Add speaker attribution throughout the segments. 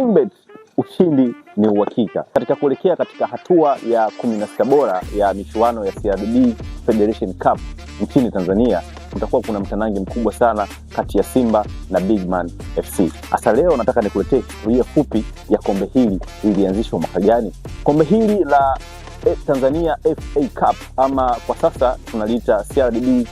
Speaker 1: KingBet, ushindi ni uhakika. Katika kuelekea katika hatua ya 16 bora ya michuano ya CRDB Federation Cup nchini Tanzania, kutakuwa kuna mtanangi mkubwa sana kati ya Simba na Bigman FC. Hasa leo nataka nikuletee historia fupi ya kombe hili, lilianzishwa mwaka gani? Kombe hili la eh, Tanzania FA Cup ama kwa sasa tunaliita CRDB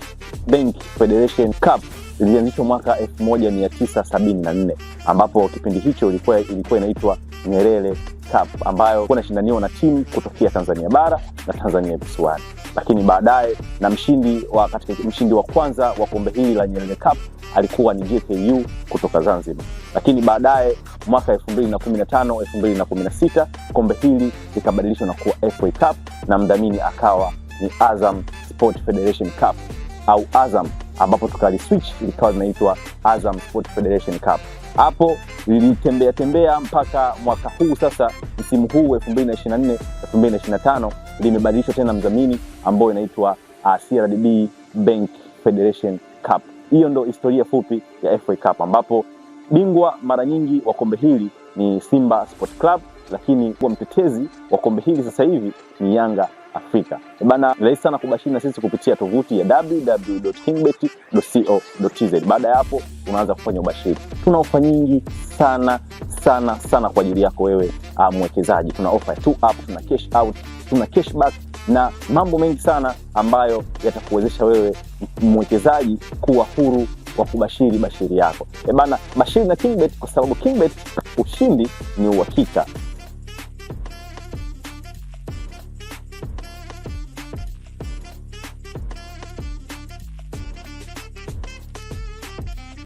Speaker 1: Bank Federation Cup ilianzishwa mwaka 1974 ambapo kipindi hicho ilikuwa, ilikuwa inaitwa Nyerere Cup ambayo ilikuwa inashindaniwa na timu kutokea Tanzania bara na Tanzania visiwani, lakini baadaye na mshindi wa, katika mshindi wa kwanza wa kombe hili la Nyerere Cup alikuwa ni JKU kutoka Zanzibar, lakini baadaye mwaka 2015 2016 kombe hili likabadilishwa na kuwa FA Cup na mdhamini akawa ni Azam Sport Federation Cup au Azam ambapo switch likawa linaitwa Azam sport Federation Cup. Hapo lilitembea tembea mpaka mwaka huu sasa, msimu huu 2024 2025 limebadilishwa tena mdhamini ambayo inaitwa uh, CRDB Bank Federation Cup. Hiyo ndo historia fupi ya FA Cup ambapo bingwa mara nyingi wa kombe hili ni Simba Sport Club, lakini kuwa mtetezi wa kombe hili sasa hivi ni Yanga Afrika. Bana, rahisi sana kubashiri na sisi kupitia tovuti ya www.kingbet.co.tz. Baada ya hapo, unaanza kufanya ubashiri. Tuna ofa nyingi sana sana sana kwa ajili yako wewe ah, mwekezaji. Tuna ofa ya two up, tuna cash out, tuna cashback na mambo mengi sana ambayo yatakuwezesha wewe mwekezaji kuwa huru wa kubashiri bashiri yako. E bana, bashiri na KingBet kwa sababu KingBet ushindi ni uhakika.